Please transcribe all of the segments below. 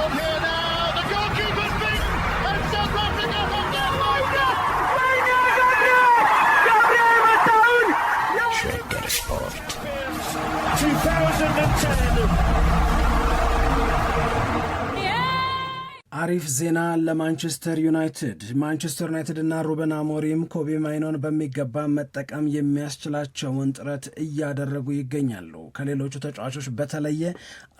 on here now. አሪፍ ዜና ለማንቸስተር ዩናይትድ። ማንቸስተር ዩናይትድ እና ሩበን አሞሪም ኮቢ ማይኖን በሚገባ መጠቀም የሚያስችላቸውን ጥረት እያደረጉ ይገኛሉ። ከሌሎቹ ተጫዋቾች በተለየ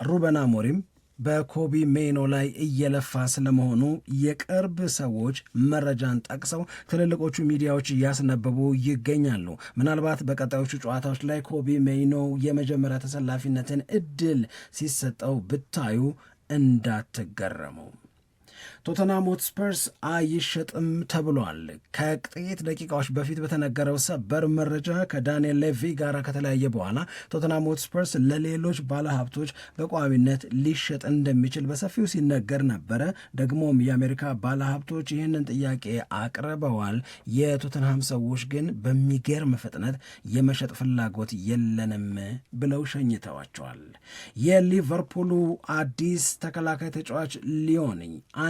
ሩበን አሞሪም በኮቢ ሜኖ ላይ እየለፋ ስለመሆኑ የቅርብ ሰዎች መረጃን ጠቅሰው ትልልቆቹ ሚዲያዎች እያስነበቡ ይገኛሉ። ምናልባት በቀጣዮቹ ጨዋታዎች ላይ ኮቢ ሜኖ የመጀመሪያ ተሰላፊነትን እድል ሲሰጠው ብታዩ እንዳትገረሙ። ቶተናም ሆትስፐርስ አይሸጥም ተብሏል። ከጥቂት ደቂቃዎች በፊት በተነገረው ሰበር መረጃ ከዳንኤል ሌቪ ጋር ከተለያየ በኋላ ቶተናም ሆትስፐርስ ለሌሎች ባለሀብቶች በቋሚነት ሊሸጥ እንደሚችል በሰፊው ሲነገር ነበረ። ደግሞም የአሜሪካ ባለሀብቶች ይህንን ጥያቄ አቅርበዋል። የቶተንሃም ሰዎች ግን በሚገርም ፍጥነት የመሸጥ ፍላጎት የለንም ብለው ሸኝተዋቸዋል። የሊቨርፑሉ አዲስ ተከላካይ ተጫዋች ሊዮን።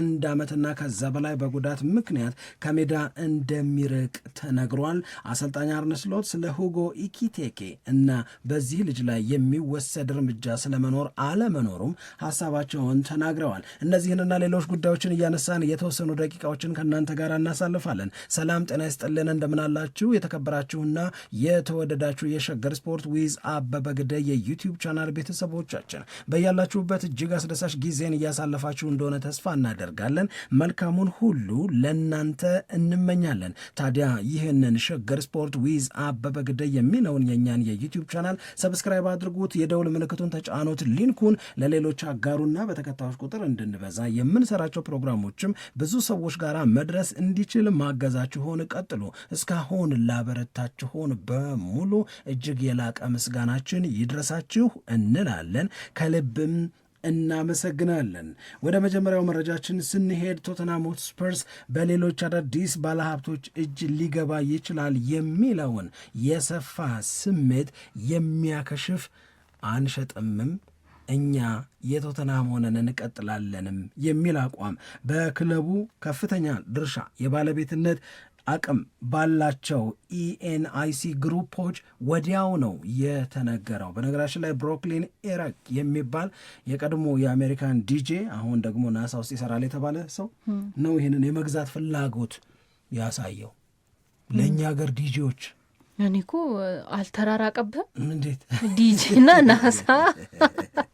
ለአንድ ዓመትና ከዛ በላይ በጉዳት ምክንያት ከሜዳ እንደሚርቅ ተነግሯል። አሰልጣኝ አርነ ስሎት ስለ ሁጎ ኢኪቴኬ እና በዚህ ልጅ ላይ የሚወሰድ እርምጃ ስለመኖር አለመኖሩም ሀሳባቸውን ተናግረዋል። እነዚህንና ሌሎች ጉዳዮችን እያነሳን የተወሰኑ ደቂቃዎችን ከእናንተ ጋር እናሳልፋለን። ሰላም ጤና ይስጥልን። እንደምናላችሁ የተከበራችሁና የተወደዳችሁ የሸገር ስፖርት ዊዝ አበበ ግደይ የዩቲዩብ ቻናል ቤተሰቦቻችን በያላችሁበት እጅግ አስደሳች ጊዜን እያሳለፋችሁ እንደሆነ ተስፋ እናደርግ እናደርጋለን። መልካሙን ሁሉ ለእናንተ እንመኛለን። ታዲያ ይህንን ሸገር ስፖርት ዊዝ አበበ ግደይ የሚለውን የእኛን የዩቲዩብ ቻናል ሰብስክራይብ አድርጉት፣ የደውል ምልክቱን ተጫኑት፣ ሊንኩን ለሌሎች አጋሩና በተከታዮች ቁጥር እንድንበዛ የምንሰራቸው ፕሮግራሞችም ብዙ ሰዎች ጋር መድረስ እንዲችል ማገዛችሁን ቀጥሉ። እስካሁን ላበረታችሁን በሙሉ እጅግ የላቀ ምስጋናችን ይድረሳችሁ እንላለን ከልብም እናመሰግናለን። ወደ መጀመሪያው መረጃችን ስንሄድ ቶተናም ሆትስፐርስ በሌሎች አዳዲስ ባለሀብቶች እጅ ሊገባ ይችላል የሚለውን የሰፋ ስሜት የሚያከሽፍ አንሸጥምም እኛ የቶተናም ሆነን እንቀጥላለንም የሚል አቋም በክለቡ ከፍተኛ ድርሻ የባለቤትነት አቅም ባላቸው ኢኤንአይሲ e ግሩፖች ወዲያው ነው የተነገረው። በነገራችን ላይ ብሮክሊን ኢራቅ የሚባል የቀድሞ የአሜሪካን ዲጄ አሁን ደግሞ ናሳ ውስጥ ይሰራል የተባለ ሰው ነው ይህንን የመግዛት ፍላጎት ያሳየው። ለእኛ ሀገር ዲጄዎች እኔ እኮ አልተራራቀብህም እንዴት ዲጄ እና ናሳ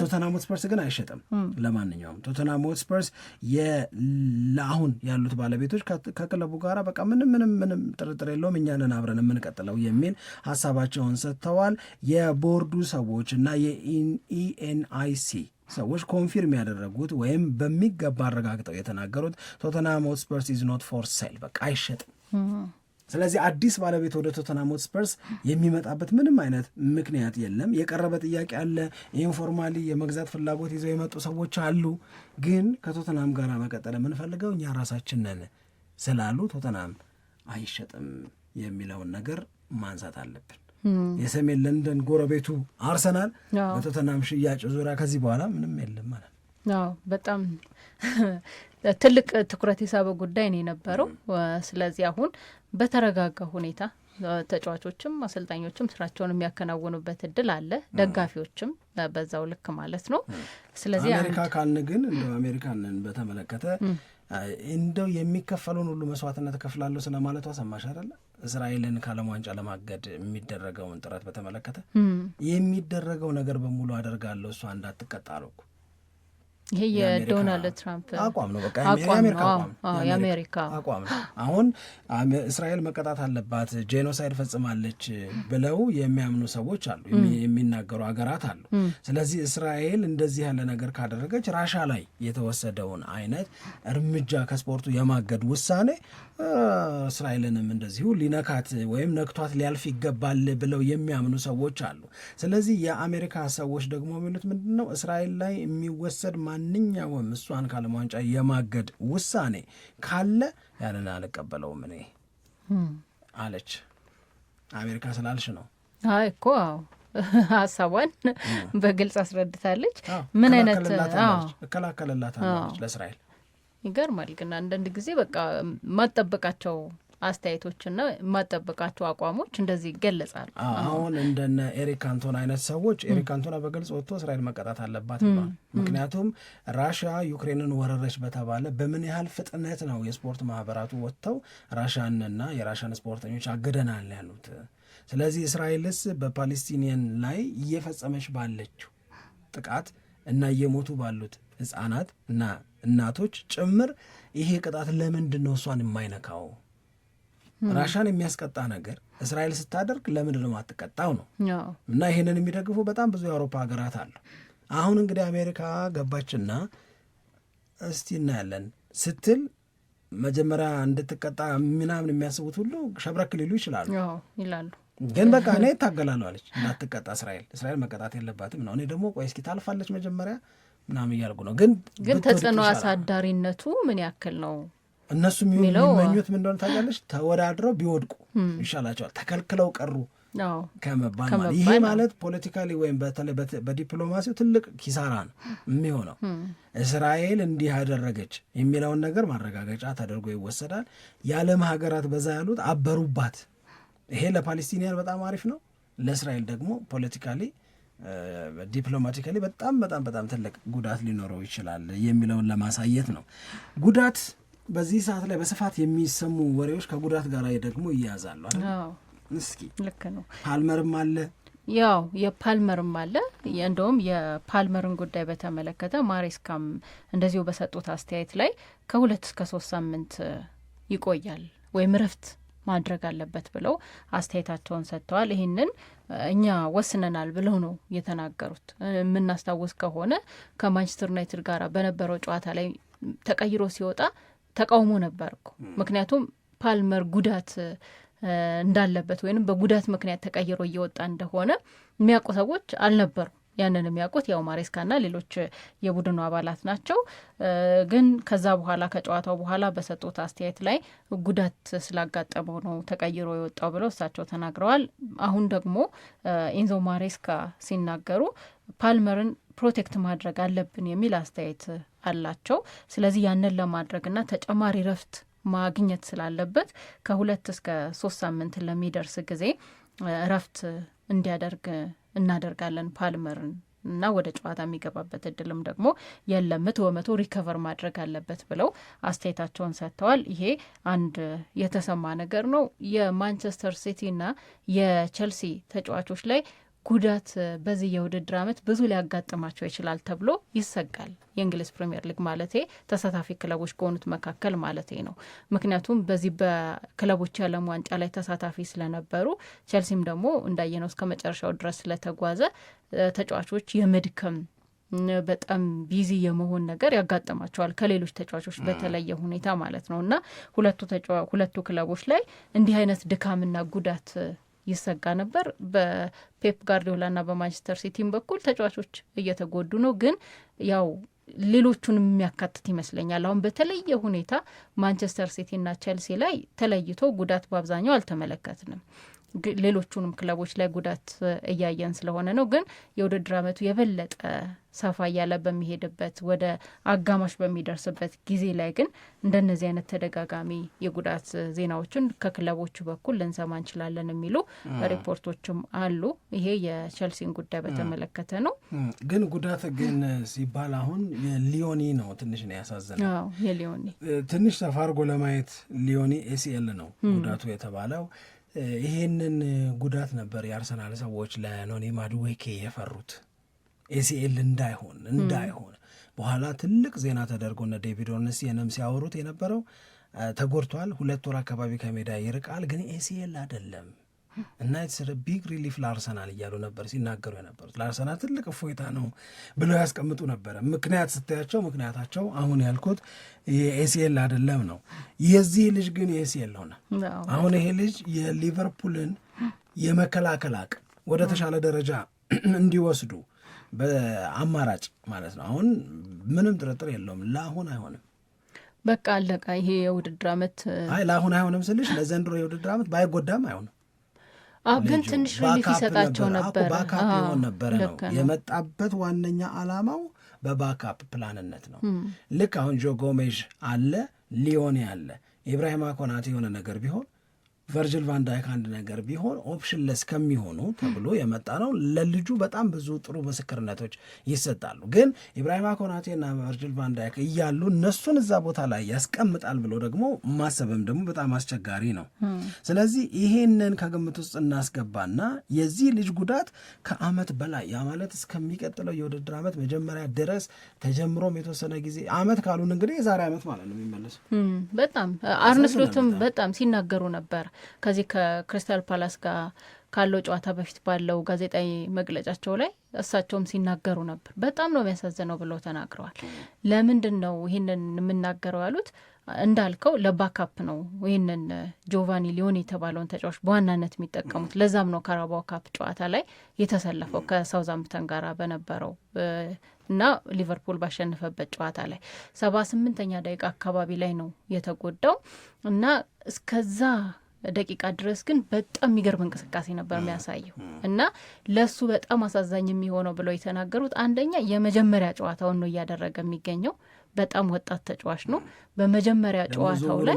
ቶተናም ሆትስፐርስ ግን አይሸጥም። ለማንኛውም ቶተናም ሆትስፐርስ ለአሁን ያሉት ባለቤቶች ከክለቡ ጋር በቃ ምንም ምንም ምንም ጥርጥር የለውም እኛንን አብረን የምንቀጥለው የሚል ሀሳባቸውን ሰጥተዋል። የቦርዱ ሰዎች እና የኢኤንአይሲ ሰዎች ኮንፊርም ያደረጉት ወይም በሚገባ አረጋግጠው የተናገሩት ቶተናም ሆትስፐርስ ኢዝ ኖት ፎር ሴል በቃ አይሸጥም። ስለዚህ አዲስ ባለቤት ወደ ቶተናም ሆትስፐርስ የሚመጣበት ምንም አይነት ምክንያት የለም። የቀረበ ጥያቄ አለ። ኢንፎርማሊ የመግዛት ፍላጎት ይዘው የመጡ ሰዎች አሉ። ግን ከቶተናም ጋር መቀጠል የምንፈልገው እኛ ራሳችን ነን ስላሉ ቶተናም አይሸጥም የሚለውን ነገር ማንሳት አለብን። የሰሜን ለንደን ጎረቤቱ አርሰናል በቶተናም ሽያጭ ዙሪያ ከዚህ በኋላ ምንም የለም ማለት ነው። በጣም ትልቅ ትኩረት የሳበ ጉዳይ ነው የነበረው። ስለዚህ አሁን በተረጋጋ ሁኔታ ተጫዋቾችም አሰልጣኞችም ስራቸውን የሚያከናውኑበት እድል አለ፣ ደጋፊዎችም በዛው ልክ ማለት ነው። ስለዚህ አሜሪካ ካልን ግን እንደ አሜሪካንን በተመለከተ እንደው የሚከፈለውን ሁሉ መስዋዕትነት እከፍላለሁ ስለማለቷ ሰማሽ አይደለ? እስራኤልን ከዓለም ዋንጫ ለማገድ የሚደረገውን ጥረት በተመለከተ የሚደረገው ነገር በሙሉ አደርጋለሁ እሷ እንዳትቀጣ አልኩ። ይሄ የዶናልድ ትራምፕ አቋም ነው። በቃ የአሜሪካ አቋም ነው። አሁን እስራኤል መቀጣት አለባት፣ ጄኖሳይድ ፈጽማለች ብለው የሚያምኑ ሰዎች አሉ፣ የሚናገሩ ሀገራት አሉ። ስለዚህ እስራኤል እንደዚህ ያለ ነገር ካደረገች ራሻ ላይ የተወሰደውን አይነት እርምጃ ከስፖርቱ የማገድ ውሳኔ እስራኤልንም እንደዚሁ ሊነካት ወይም ነክቷት ሊያልፍ ይገባል ብለው የሚያምኑ ሰዎች አሉ። ስለዚህ የአሜሪካ ሰዎች ደግሞ የሚሉት ምንድን ነው እስራኤል ላይ የሚወሰድ ማንኛውም እሷን ከዓለም ዋንጫ የማገድ ውሳኔ ካለ ያንን አልቀበለውም እኔ አለች። አሜሪካ ስላልሽ ነው። አይ እኮ ሀሳቧን በግልጽ አስረድታለች። ምን አይነት እከላከልላታለች ለእስራኤል ይገርማል። ግን አንዳንድ ጊዜ በቃ ማጠበቃቸው አስተያየቶችና የማጠበቃቸው አቋሞች እንደዚህ ይገለጻሉ። አሁን እንደነ ኤሪክ አንቶን አይነት ሰዎች ኤሪክ አንቶና በግልጽ ወጥቶ እስራኤል መቀጣት አለባት። ምክንያቱም ራሽያ ዩክሬንን ወረረች በተባለ በምን ያህል ፍጥነት ነው የስፖርት ማህበራቱ ወጥተው ራሽያንና የራሽያን ስፖርተኞች አግደናል ያሉት። ስለዚህ እስራኤልስ በፓሌስቲኒያን ላይ እየፈጸመች ባለችው ጥቃት እና እየሞቱ ባሉት ህጻናት እና እናቶች ጭምር ይሄ ቅጣት ለምንድን ነው እሷን የማይነካው? ራሻን የሚያስቀጣ ነገር እስራኤል ስታደርግ ለምን ልማትቀጣው ነው። እና ይሄንን የሚደግፉ በጣም ብዙ የአውሮፓ ሀገራት አሉ። አሁን እንግዲህ አሜሪካ ገባችና እስቲ እናያለን ስትል መጀመሪያ እንድትቀጣ ምናምን የሚያስቡት ሁሉ ሸብረክ ሊሉ ይችላሉ ይላሉ። ግን በቃ እኔ እታገላለሁ አለች እንዳትቀጣ እስራኤል እስራኤል መቀጣት የለባትም ነው። እኔ ደግሞ ቆይ እስኪ ታልፋለች መጀመሪያ ምናምን እያልኩ ነው። ግን ግን ተጽዕኖ አሳዳሪነቱ ምን ያክል ነው እነሱ የሚመኙት ምን እንደሆነ ታውቂያለሽ? ተወዳድረው ቢወድቁ ይሻላቸዋል፣ ተከልክለው ቀሩ ከመባል ማለት ይሄ ማለት ፖለቲካሊ ወይም በተለይ በዲፕሎማሲው ትልቅ ኪሳራ ነው የሚሆነው። እስራኤል እንዲህ አደረገች የሚለውን ነገር ማረጋገጫ ተደርጎ ይወሰዳል። የዓለም ሀገራት በዛ ያሉት አበሩባት። ይሄ ለፓሌስቲኒያን በጣም አሪፍ ነው፣ ለእስራኤል ደግሞ ፖለቲካሊ ዲፕሎማቲካሊ በጣም በጣም በጣም ትልቅ ጉዳት ሊኖረው ይችላል የሚለውን ለማሳየት ነው ጉዳት በዚህ ሰዓት ላይ በስፋት የሚሰሙ ወሬዎች ከጉዳት ጋር ደግሞ ይያዛሉ። እስኪ ልክ ነው። ፓልመርም አለ ያው የፓልመርም አለ። እንደውም የፓልመርን ጉዳይ በተመለከተ ማሬስካም እንደዚሁ በሰጡት አስተያየት ላይ ከሁለት እስከ ሶስት ሳምንት ይቆያል ወይም እረፍት ማድረግ አለበት ብለው አስተያየታቸውን ሰጥተዋል። ይህንን እኛ ወስነናል ብለው ነው የተናገሩት። የምናስታውስ ከሆነ ከማንቸስተር ዩናይትድ ጋር በነበረው ጨዋታ ላይ ተቀይሮ ሲወጣ ተቃውሞ ነበር እኮ ምክንያቱም ፓልመር ጉዳት እንዳለበት ወይም በጉዳት ምክንያት ተቀይሮ እየወጣ እንደሆነ የሚያውቁ ሰዎች አልነበሩ። ያንን የሚያውቁት ያው ማሬስካና ሌሎች የቡድኑ አባላት ናቸው። ግን ከዛ በኋላ ከጨዋታው በኋላ በሰጡት አስተያየት ላይ ጉዳት ስላጋጠመው ነው ተቀይሮ የወጣው ብለው እሳቸው ተናግረዋል። አሁን ደግሞ ኢንዞ ማሬስካ ሲናገሩ ፓልመርን ፕሮቴክት ማድረግ አለብን የሚል አስተያየት አላቸው። ስለዚህ ያንን ለማድረግና ተጨማሪ ረፍት ማግኘት ስላለበት ከሁለት እስከ ሶስት ሳምንት ለሚደርስ ጊዜ ረፍት እንዲያደርግ እናደርጋለን ፓልመርን እና ወደ ጨዋታ የሚገባበት እድልም ደግሞ የለም፣ መቶ በመቶ ሪከቨር ማድረግ አለበት ብለው አስተያየታቸውን ሰጥተዋል። ይሄ አንድ የተሰማ ነገር ነው። የማንቸስተር ሲቲና የቸልሲ ተጫዋቾች ላይ ጉዳት በዚህ የውድድር ዓመት ብዙ ሊያጋጥማቸው ይችላል ተብሎ ይሰጋል። የእንግሊዝ ፕሪምየር ሊግ ማለቴ ተሳታፊ ክለቦች ከሆኑት መካከል ማለቴ ነው። ምክንያቱም በዚህ በክለቦች የዓለም ዋንጫ ላይ ተሳታፊ ስለነበሩ ቼልሲም ደግሞ እንዳየነው እስከ መጨረሻው ድረስ ስለተጓዘ ተጫዋቾች የመድከም በጣም ቢዚ የመሆን ነገር ያጋጥማቸዋል ከሌሎች ተጫዋቾች በተለየ ሁኔታ ማለት ነው እና ሁለቱ ክለቦች ላይ እንዲህ አይነት ድካምና ጉዳት ይሰጋ ነበር። በፔፕ ጋርዲዮላና በማንቸስተር ሲቲም በኩል ተጫዋቾች እየተጎዱ ነው ግን ያው ሌሎቹን የሚያካትት ይመስለኛል። አሁን በተለየ ሁኔታ ማንቸስተር ሲቲና ቼልሲ ላይ ተለይቶ ጉዳት በአብዛኛው አልተመለከትንም። ሌሎቹንም ክለቦች ላይ ጉዳት እያየን ስለሆነ ነው። ግን የውድድር ዓመቱ የበለጠ ሰፋ እያለ በሚሄድበት ወደ አጋማሽ በሚደርስበት ጊዜ ላይ ግን እንደነዚህ አይነት ተደጋጋሚ የጉዳት ዜናዎችን ከክለቦቹ በኩል ልንሰማ እንችላለን የሚሉ ሪፖርቶችም አሉ። ይሄ የቸልሲን ጉዳይ በተመለከተ ነው። ግን ጉዳት ግን ሲባል አሁን ሊዮኒ ነው ትንሽ ነው ያሳዘነው። የሊዮኒ ትንሽ ሰፋ አድርጎ ለማየት ሊዮኒ ኤሲኤል ነው ጉዳቱ የተባለው ይሄንን ጉዳት ነበር የአርሰናል ሰዎች ለኖኒ ማድዌኬ የፈሩት ኤሲኤል እንዳይሆን እንዳይሆን በኋላ ትልቅ ዜና ተደርጎ እነ ዴቪድ ኦርንስቲንም ሲያወሩት የነበረው ተጎድቷል፣ ሁለት ወር አካባቢ ከሜዳ ይርቃል፣ ግን ኤሲኤል አይደለም እና ስለ ቢግ ሪሊፍ ለአርሰናል እያሉ ነበር ሲናገሩ የነበሩት። ለአርሰናል ትልቅ እፎይታ ነው ብለው ያስቀምጡ ነበረ። ምክንያት ስታያቸው ምክንያታቸው አሁን ያልኩት የኤሲኤል አይደለም ነው። የዚህ ልጅ ግን የኤሲኤል ሆነ። አሁን ይሄ ልጅ የሊቨርፑልን የመከላከል አቅም ወደ ተሻለ ደረጃ እንዲወስዱ በአማራጭ ማለት ነው። አሁን ምንም ጥርጥር የለውም ለአሁን አይሆንም። በቃ አለቃ። ይሄ የውድድር አመት አይ ለአሁን አይሆንም ስልሽ ለዘንድሮ የውድድር አመት ባይጎዳም አይሆንም ግን ትንሽ ሪሊፍ ይሰጣቸው ነበር። ባካፕ ሆን ነበረ ነው የመጣበት ዋነኛ ዓላማው በባካፕ ፕላንነት ነው። ልክ አሁን ጆ ጎሜዥ አለ፣ ሊዮኔ አለ፣ ኢብራሂማ ኮናቴ የሆነ ነገር ቢሆን ቨርጅል ቫንዳይክ አንድ ነገር ቢሆን ኦፕሽንለስ ከሚሆኑ ተብሎ የመጣ ነው። ለልጁ በጣም ብዙ ጥሩ ምስክርነቶች ይሰጣሉ። ግን ኢብራሂማ ኮናቴና ቨርጅል ቫንዳይክ እያሉ እነሱን እዛ ቦታ ላይ ያስቀምጣል ብሎ ደግሞ ማሰብም ደግሞ በጣም አስቸጋሪ ነው። ስለዚህ ይሄንን ከግምት ውስጥ እናስገባና የዚህ ልጅ ጉዳት ከአመት በላይ ያ ማለት እስከሚቀጥለው የውድድር ዓመት መጀመሪያ ድረስ ተጀምሮም የተወሰነ ጊዜ ዓመት ካሉን እንግዲህ የዛሬ አመት ማለት ነው የሚመለሱ በጣም አርነስሎትም በጣም ሲናገሩ ነበር ከዚህ ከክሪስታል ፓላስ ጋር ካለው ጨዋታ በፊት ባለው ጋዜጣዊ መግለጫቸው ላይ እሳቸውም ሲናገሩ ነበር። በጣም ነው የሚያሳዝነው ብለው ተናግረዋል። ለምንድን ነው ይህንን የምናገረው ያሉት? እንዳልከው ለባካፕ ነው ይህንን ጆቫኒ ሊዮን የተባለውን ተጫዋች በዋናነት የሚጠቀሙት። ለዛም ነው ካራባው ካፕ ጨዋታ ላይ የተሰለፈው ከሳውዛምፕተን ጋር በነበረው እና ሊቨርፑል ባሸነፈበት ጨዋታ ላይ ሰባ ስምንተኛ ደቂቃ አካባቢ ላይ ነው የተጎዳው እና እስከዛ ደቂቃ ድረስ ግን በጣም የሚገርም እንቅስቃሴ ነበር የሚያሳየው እና ለሱ በጣም አሳዛኝ የሚሆነው ብለው የተናገሩት አንደኛ የመጀመሪያ ጨዋታውን ነው እያደረገ የሚገኘው። በጣም ወጣት ተጫዋች ነው። በመጀመሪያ ጨዋታው ላይ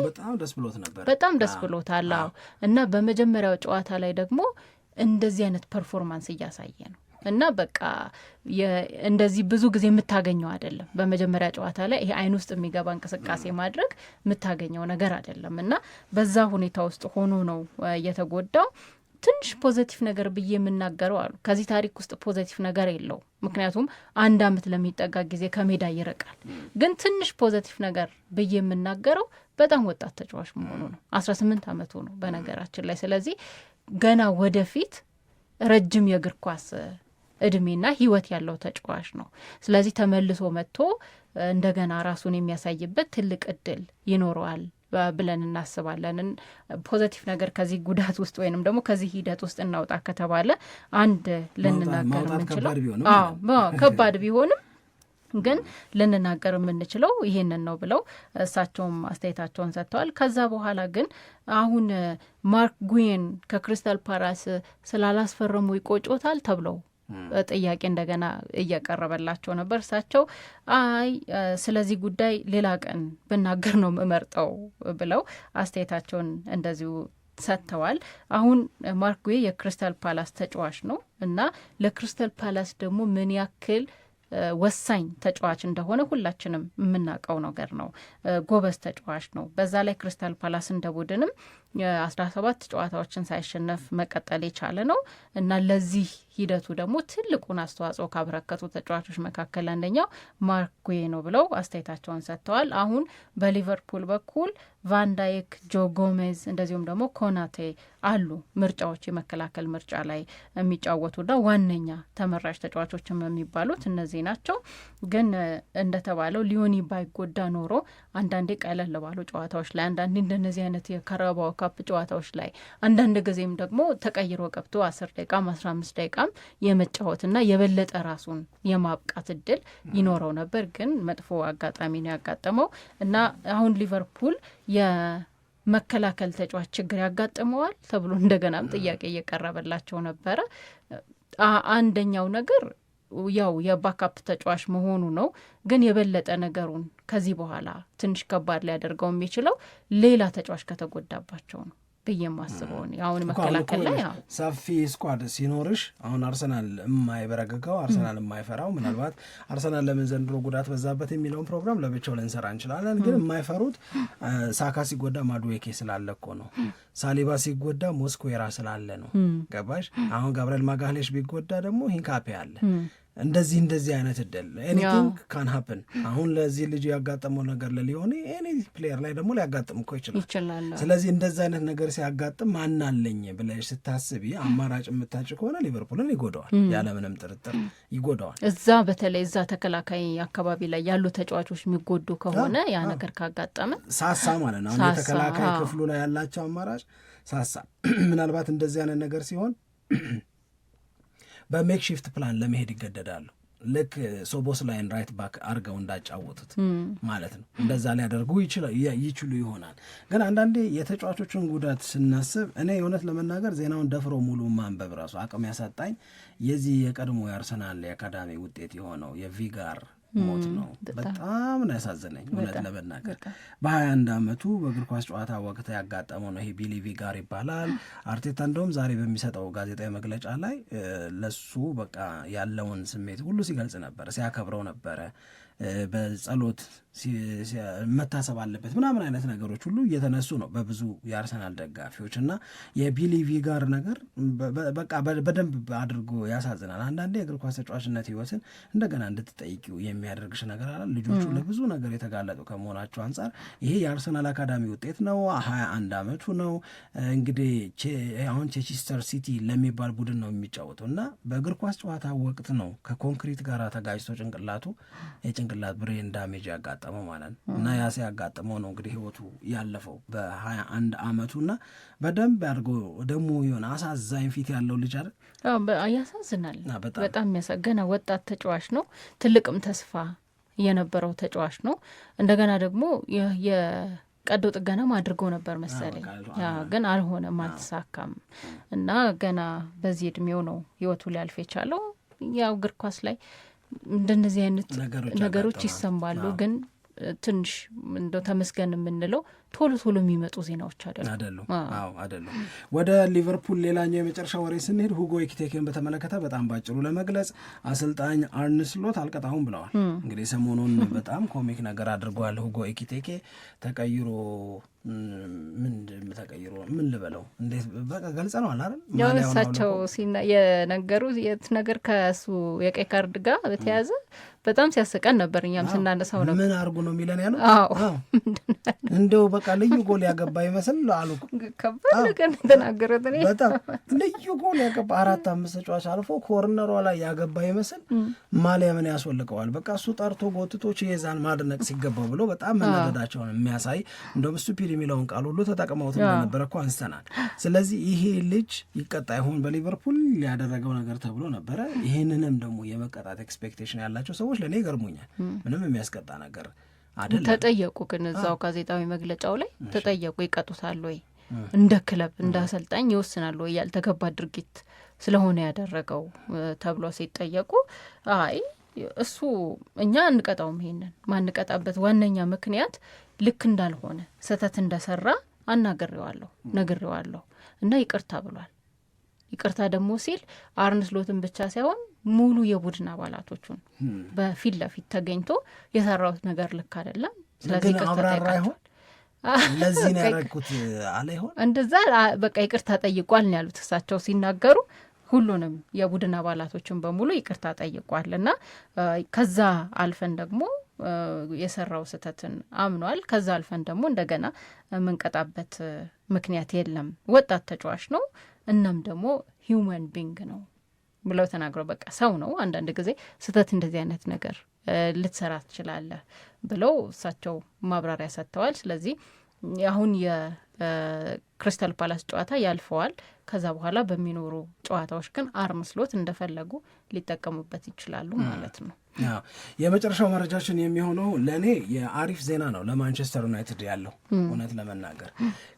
በጣም ደስ ብሎታል እና በመጀመሪያው ጨዋታ ላይ ደግሞ እንደዚህ አይነት ፐርፎርማንስ እያሳየ ነው እና በቃ እንደዚህ ብዙ ጊዜ የምታገኘው አይደለም። በመጀመሪያ ጨዋታ ላይ ይሄ አይን ውስጥ የሚገባ እንቅስቃሴ ማድረግ የምታገኘው ነገር አይደለም እና በዛ ሁኔታ ውስጥ ሆኖ ነው የተጎዳው። ትንሽ ፖዘቲቭ ነገር ብዬ የምናገረው አሉ ከዚህ ታሪክ ውስጥ ፖዘቲቭ ነገር የለው ምክንያቱም አንድ አመት ለሚጠጋ ጊዜ ከሜዳ ይርቃል። ግን ትንሽ ፖዘቲቭ ነገር ብዬ የምናገረው በጣም ወጣት ተጫዋች መሆኑ ነው። አስራ ስምንት ዓመቱ ነው በነገራችን ላይ ስለዚህ ገና ወደፊት ረጅም የእግር ኳስ እድሜና ህይወት ያለው ተጫዋች ነው። ስለዚህ ተመልሶ መጥቶ እንደገና ራሱን የሚያሳይበት ትልቅ እድል ይኖረዋል ብለን እናስባለን። ፖዘቲቭ ነገር ከዚህ ጉዳት ውስጥ ወይንም ደግሞ ከዚህ ሂደት ውስጥ እናውጣ ከተባለ አንድ ልንናገር የምንችለው ከባድ ቢሆንም ግን ልንናገር የምንችለው ይሄንን ነው ብለው እሳቸውም አስተያየታቸውን ሰጥተዋል። ከዛ በኋላ ግን አሁን ማርክ ጉዌን ከክሪስታል ፓላስ ስላላስፈረሙ ይቆጮታል ተብለው ጥያቄ እንደገና እየቀረበላቸው ነበር። እሳቸው አይ ስለዚህ ጉዳይ ሌላ ቀን ብናገር ነው የምመርጠው ብለው አስተያየታቸውን እንደዚሁ ሰጥተዋል። አሁን ማርክ ጉዌ የክሪስታል ፓላስ ተጫዋች ነው እና ለክሪስታል ፓላስ ደግሞ ምን ያክል ወሳኝ ተጫዋች እንደሆነ ሁላችንም የምናውቀው ነገር ነው። ጎበዝ ተጫዋች ነው። በዛ ላይ ክሪስታል ፓላስ እንደ ቡድንም አስራ ሰባት ጨዋታዎችን ሳይሸነፍ መቀጠል የቻለ ነው እና ለዚህ ሂደቱ ደግሞ ትልቁን አስተዋጽኦ ካበረከቱ ተጫዋቾች መካከል አንደኛው ማርክ ጉዬ ነው ብለው አስተያየታቸውን ሰጥተዋል። አሁን በሊቨርፑል በኩል ቫንዳይክ፣ ጆ ጎሜዝ እንደዚሁም ደግሞ ኮናቴ አሉ ምርጫዎች የመከላከል ምርጫ ላይ የሚጫወቱና ዋነኛ ተመራጭ ተጫዋቾችም የሚባሉት እነዚህ ናቸው። ግን እንደተባለው ሊዮኒ ባይጎዳ ኖሮ አንዳንዴ ቀለል ባሉ ጨዋታዎች ላይ አንዳንዴ እንደነዚህ አይነት የካራባኦ ካፕ ጨዋታዎች ላይ አንዳንድ ጊዜም ደግሞ ተቀይሮ ገብቶ አስር ደቂቃም አስራ አምስት ደቂቃም የመጫወትና የበለጠ ራሱን የማብቃት እድል ይኖረው ነበር። ግን መጥፎ አጋጣሚ ነው ያጋጠመው እና አሁን ሊቨርፑል የመከላከል ተጫዋች ችግር ያጋጥመዋል ተብሎ እንደገናም ጥያቄ እየቀረበላቸው ነበረ። አንደኛው ነገር ያው የባካፕ ተጫዋች መሆኑ ነው። ግን የበለጠ ነገሩን ከዚህ በኋላ ትንሽ ከባድ ሊያደርገው የሚችለው ሌላ ተጫዋች ከተጎዳባቸው ነው። ብዬ የማስበው አሁን መከላከል ላይ ሰፊ ስኳድ ሲኖርሽ አሁን አርሰናል የማይበረግገው አርሰናል የማይፈራው ምናልባት አርሰናል ለምን ዘንድሮ ጉዳት በዛበት የሚለውን ፕሮግራም ለብቻው ልንሰራ እንችላለን። ግን የማይፈሩት ሳካ ሲጎዳ ማድዌኬ ስላለ እኮ ነው። ሳሊባ ሲጎዳ ሞስኩዌራ ስላለ ነው። ገባሽ? አሁን ጋብርኤል ማጋሌሽ ቢጎዳ ደግሞ ሂንካፔ አለ እንደዚህ እንደዚህ አይነት እድል ኤኒቲንግ ካን ሀፕን። አሁን ለዚህ ልጅ ያጋጠመው ነገር ለሊሆን ኤኒ ፕሌየር ላይ ደግሞ ሊያጋጥም እኮ ይችላል። ስለዚህ እንደዚህ አይነት ነገር ሲያጋጥም ማናለኝ ብለሽ ስታስቢ አማራጭ የምታጭ ከሆነ ሊቨርፑልን ይጎዳዋል፣ ያለምንም ጥርጥር ይጎደዋል። እዛ በተለይ እዛ ተከላካይ አካባቢ ላይ ያሉ ተጫዋቾች የሚጎዱ ከሆነ ያ ነገር ካጋጠመ ሳሳ ማለት ነው። አሁን የተከላካይ ክፍሉ ላይ ያላቸው አማራጭ ሳሳ ምናልባት እንደዚህ አይነት ነገር ሲሆን በሜክሺፍት ፕላን ለመሄድ ይገደዳሉ። ልክ ሶቦስ ላይን ራይት ባክ አድርገው እንዳጫወቱት ማለት ነው። እንደዛ ሊያደርጉ ይችሉ ይሆናል። ግን አንዳንዴ የተጫዋቾችን ጉዳት ስናስብ እኔ የእውነት ለመናገር ዜናውን ደፍሮ ሙሉ ማንበብ ራሱ አቅም ያሳጣኝ የዚህ የቀድሞ የአርሰናል የአካዳሚ ውጤት የሆነው የቪጋር ሞት ነው። በጣም ነው ያሳዘነኝ እውነት ለመናገር በሀያ አንድ አመቱ በእግር ኳስ ጨዋታ ወቅት ያጋጠመው ነው ይሄ ቢሊቪ ጋር ይባላል። አርቴታ እንደውም ዛሬ በሚሰጠው ጋዜጣዊ መግለጫ ላይ ለሱ በቃ ያለውን ስሜት ሁሉ ሲገልጽ ነበረ፣ ሲያከብረው ነበረ በጸሎት መታሰብ አለበት ምናምን አይነት ነገሮች ሁሉ እየተነሱ ነው በብዙ የአርሰናል ደጋፊዎች እና የቢሊቪ ጋር ነገር በቃ በደንብ አድርጎ ያሳዝናል። አንዳንዴ የእግር ኳስ ተጫዋችነት ህይወትን እንደገና እንድትጠይቂው የሚያደርግሽ ነገር አለ። ልጆቹ ለብዙ ነገር የተጋለጡ ከመሆናቸው አንጻር ይሄ የአርሰናል አካዳሚ ውጤት ነው። ሀያ አንድ አመቱ ነው እንግዲህ አሁን ቼችስተር ሲቲ ለሚባል ቡድን ነው የሚጫወተው እና በእግር ኳስ ጨዋታ ወቅት ነው ከኮንክሪት ጋር ተጋጅቶ ጭንቅላቱ የጭንቅላት ብሬን ዳሜጅ ያጋጠ ያጋጠመው ማለት ነው እና ያ ሲያጋጥመው ነው እንግዲህ ህይወቱ ያለፈው በሀያ አንድ አመቱ እና በደንብ አድርጎ ደግሞ የሆነ አሳዛኝ ፊት ያለው ልጅ አለ። ያሳዝናል። በጣም ገና ወጣት ተጫዋች ነው። ትልቅም ተስፋ የነበረው ተጫዋች ነው። እንደገና ደግሞ የቀዶ ጥገናም አድርጎ ነበር መሰለኝ፣ ግን አልሆነም፣ አልተሳካም እና ገና በዚህ እድሜው ነው ህይወቱ ሊያልፍ የቻለው። ያው እግር ኳስ ላይ እንደነዚህ አይነት ነገሮች ይሰማሉ ግን ትንሽ እንደው ተመስገን የምንለው ቶሎ ቶሎ የሚመጡ ዜናዎች አይደሉም አደሉ። ወደ ሊቨርፑል ሌላኛው የመጨረሻ ወሬ ስንሄድ ሁጎ ኢኪቴኬን በተመለከተ በጣም ባጭሩ ለመግለጽ አሰልጣኝ አርነ ስሎት አልቀጣሁም ብለዋል። እንግዲህ ሰሞኑን በጣም ኮሚክ ነገር አድርገዋል። ሁጎ ኢኪቴኬ ተቀይሮ ምን ተቀይሮ ምን ልበለው እንዴት በቃ ገልጸ ነው አላል እሳቸው የነገሩ የት ነገር ከሱ የቀይ ካርድ ጋር በተያያዘ በጣም ሲያስቀን ነበር። እኛም ስናነሳው ነው ምን አርጉ ነው የሚለን ያለው እንደው በቃ በቃ ልዩ ጎል ያገባ ይመስል አሉ። በጣም ልዩ ጎል ያገባ አራት አምስት ተጫዋች አልፎ ኮርነሯ ላይ ያገባ ይመስል ማሊያምን ያስወልቀዋል። በቃ እሱ ጠርቶ ጎትቶ ቼዛን ማድነቅ ሲገባው ብሎ በጣም መናደዳቸውን የሚያሳይ እንደውም ስቱፒድ የሚለውን ቃል ሁሉ ተጠቅመውት እንደነበረ እኮ አንስተናል። ስለዚህ ይሄ ልጅ ይቀጣ ይሆን በሊቨርፑል ያደረገው ነገር ተብሎ ነበረ። ይህንንም ደግሞ የመቀጣት ኤክስፔክቴሽን ያላቸው ሰዎች ለእኔ ይገርሙኛል። ምንም የሚያስቀጣ ነገር ተጠየቁ ግን እዛው ጋዜጣዊ መግለጫው ላይ ተጠየቁ። ይቀጡታል ወይ እንደ ክለብ እንደ አሰልጣኝ ይወስናል ወይ ያልተገባ ድርጊት ስለሆነ ያደረገው ተብሎ ሲጠየቁ አይ እሱ እኛ አንቀጣውም። ይሄንን ማንቀጣበት ዋነኛ ምክንያት ልክ እንዳልሆነ ስህተት እንደሰራ አናግሬዋለሁ ነግሬዋለሁ እና ይቅርታ ብሏል። ይቅርታ ደግሞ ሲል አርን ስሎትን ብቻ ሳይሆን ሙሉ የቡድን አባላቶቹን hmm. በፊት ለፊት ተገኝቶ የሰራሁት ነገር ልክ አይደለም፣ ስለዚህ ለዚህ ነው ያደረግኩት አለ ይሆን እንደዛ በቃ ይቅርታ ጠይቋል ነው ያሉት እሳቸው ሲናገሩ ሁሉንም የቡድን አባላቶችን በሙሉ ይቅርታ ጠይቋል እና ከዛ አልፈን ደግሞ የሰራው ስህተትን አምኗል። ከዛ አልፈን ደግሞ እንደገና የምንቀጣበት ምክንያት የለም። ወጣት ተጫዋች ነው። እናም ደግሞ ሂውመን ቢንግ ነው ብለው ተናግረው በቃ ሰው ነው። አንዳንድ ጊዜ ስህተት እንደዚህ አይነት ነገር ልትሰራ ትችላለህ ብለው እሳቸው ማብራሪያ ሰጥተዋል። ስለዚህ አሁን የክሪስታል ፓላስ ጨዋታ ያልፈዋል። ከዛ በኋላ በሚኖሩ ጨዋታዎች ግን አርምስሎት እንደፈለጉ ሊጠቀሙበት ይችላሉ ማለት ነው። የመጨረሻው መረጃችን የሚሆነው ለእኔ የአሪፍ ዜና ነው ለማንቸስተር ዩናይትድ ያለው እውነት ለመናገር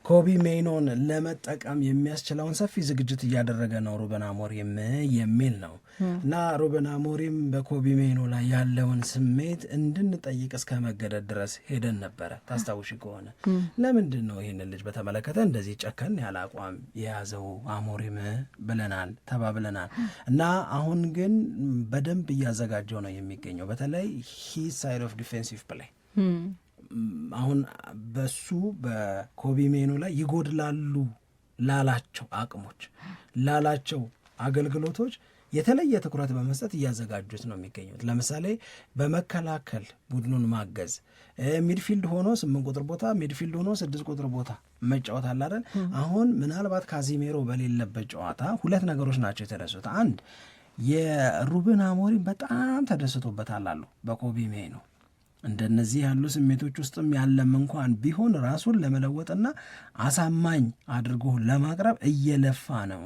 ኮቢ ሜይኖን ለመጠቀም የሚያስችለውን ሰፊ ዝግጅት እያደረገ ነው ሩበን አሞሪም የሚል ነው እና ሩበን አሞሪም በኮቢ ሜይኖ ላይ ያለውን ስሜት እንድንጠይቅ እስከ መገደድ ድረስ ሄደን ነበረ። ታስታውሽ ከሆነ ለምንድን ነው ይህንን ልጅ በተመለከተ እንደዚህ ጨከን ያለ አቋም የያዘው አሞሪም ብለናል፣ ተባብለናል እና አሁን ግን በደንብ እያዘጋጀው ነው የሚገኘው በተለይ ሂ ሳይድ ኦፍ ዲፌንሲቭ ፕላይ አሁን በሱ በኮቢ ሜኑ ላይ ይጎድላሉ ላላቸው አቅሞች ላላቸው አገልግሎቶች የተለየ ትኩረት በመስጠት እያዘጋጁት ነው የሚገኙት። ለምሳሌ በመከላከል ቡድኑን ማገዝ፣ ሚድፊልድ ሆኖ ስምንት ቁጥር ቦታ ሚድፊልድ ሆኖ ስድስት ቁጥር ቦታ መጫወት አላለን። hmm. አሁን ምናልባት ካዚሜሮ በሌለበት ጨዋታ ሁለት ነገሮች ናቸው የተነሱት። አንድ የሩብን አሞሪም በጣም ተደስቶበታል አሉ በኮቢ ሜይኖ። እንደነዚህ ያሉ ስሜቶች ውስጥም ያለም እንኳን ቢሆን ራሱን ለመለወጥና አሳማኝ አድርጎ ለማቅረብ እየለፋ ነው።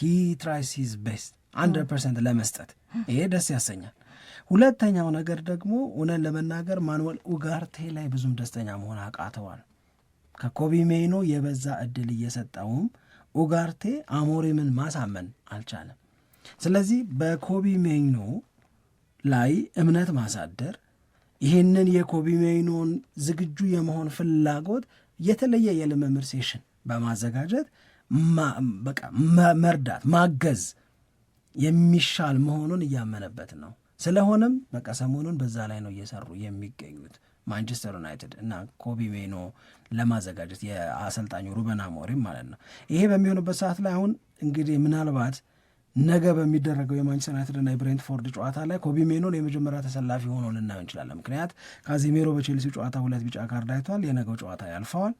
ሂ ትራይስ ሂዝ ቤስት ፐርሰንት ለመስጠት ይሄ ደስ ያሰኛል። ሁለተኛው ነገር ደግሞ እውነን ለመናገር ማኑዌል ኡጋርቴ ላይ ብዙም ደስተኛ መሆን አቃተዋል። ከኮቢ ሜይኖ የበዛ እድል እየሰጠውም ኡጋርቴ አሞሪምን ማሳመን አልቻለም። ስለዚህ በኮቢ ሜይኖ ላይ እምነት ማሳደር ይህንን የኮቢ ሜይኖን ዝግጁ የመሆን ፍላጎት የተለየ የልምምድ ሴሽን በማዘጋጀት በቃ መርዳት ማገዝ የሚሻል መሆኑን እያመነበት ነው። ስለሆነም በቃ ሰሞኑን በዛ ላይ ነው እየሰሩ የሚገኙት ማንቸስተር ዩናይትድ እና ኮቢ ሜይኖ ለማዘጋጀት የአሰልጣኙ ሩበን አሞሪም ማለት ነው። ይሄ በሚሆንበት ሰዓት ላይ አሁን እንግዲህ ምናልባት ነገ በሚደረገው የማንቸስተር ዩናይትድና የብሬንትፎርድ ጨዋታ ላይ ኮቢ ሜኖን የመጀመሪያ ተሰላፊ ሆኖ ልናየው እንችላለን። ምክንያት ካዚሜሮ በቼልሲው ጨዋታ ሁለት ቢጫ ካርድ አይቷል። የነገው ጨዋታ ያልፈዋል።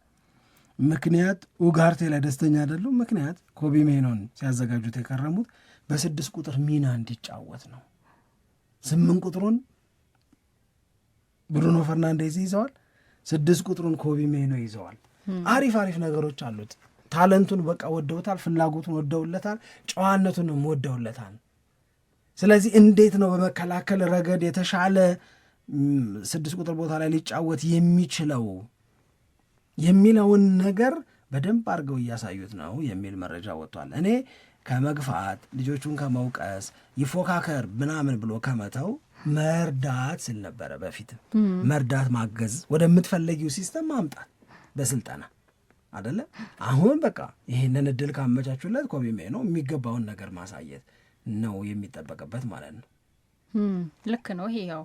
ምክንያት ኡጋርቴ ላይ ደስተኛ አይደሉም። ምክንያት ኮቢ ሜኖን ሲያዘጋጁት የከረሙት በስድስት ቁጥር ሚና እንዲጫወት ነው። ስምንት ቁጥሩን ብሩኖ ፈርናንዴዝ ይዘዋል። ስድስት ቁጥሩን ኮቢ ሜኖ ይዘዋል። አሪፍ አሪፍ ነገሮች አሉት። ታለንቱን በቃ ወደውታል፣ ፍላጎቱን ወደውለታል፣ ጨዋነቱንም ወደውለታል። ስለዚህ እንዴት ነው በመከላከል ረገድ የተሻለ ስድስት ቁጥር ቦታ ላይ ሊጫወት የሚችለው የሚለውን ነገር በደንብ አድርገው እያሳዩት ነው የሚል መረጃ ወጥቷል። እኔ ከመግፋት ልጆቹን ከመውቀስ ይፎካከር ምናምን ብሎ ከመተው መርዳት ስል ነበረ። በፊትም መርዳት ማገዝ፣ ወደምትፈለጊው ሲስተም ማምጣት በስልጠና አደለ? አሁን በቃ ይህንን እድል ካመቻቹለት ኮቢ ማይኖ ነው የሚገባውን ነገር ማሳየት ነው የሚጠበቅበት ማለት ነው። ልክ ነው። ይሄ ያው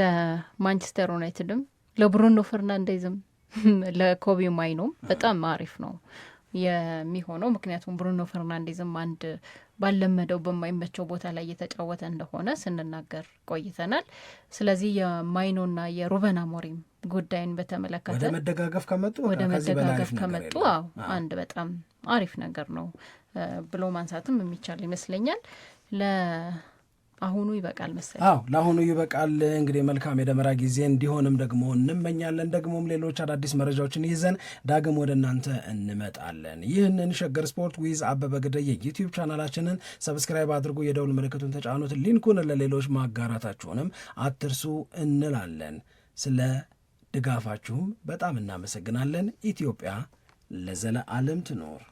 ለማንቸስተር ዩናይትድም ለብሩኖ ፈርናንዴዝም ለኮቢ ማይኖም በጣም አሪፍ ነው የሚሆነው ምክንያቱም ብሩኖ ፈርናንዴዝም አንድ ባለመደው በማይመቸው ቦታ ላይ እየተጫወተ እንደሆነ ስንናገር ቆይተናል። ስለዚህ የማይኖና የሩበን አሞሪም ጉዳይን በተመለከተ ወደ መደጋገፍ ከመጡ ወደ መደጋገፍ ከመጡ አዎ አንድ በጣም አሪፍ ነገር ነው ብሎ ማንሳትም የሚቻል ይመስለኛል ለ አሁኑ ይበቃል መሰለኝ። አዎ ለአሁኑ ይበቃል። እንግዲህ መልካም የደመራ ጊዜ እንዲሆንም ደግሞ እንመኛለን። ደግሞም ሌሎች አዳዲስ መረጃዎችን ይዘን ዳግም ወደ እናንተ እንመጣለን። ይህንን ሸገር ስፖርት ዊዝ አበበ ግደይ የዩቲዩብ ቻናላችንን ሰብስክራይብ አድርጉ፣ የደውል ምልክቱን ተጫኑት፣ ሊንኩን ለሌሎች ማጋራታችሁንም አትርሱ እንላለን። ስለ ድጋፋችሁም በጣም እናመሰግናለን። ኢትዮጵያ ለዘለዓለም ትኖር።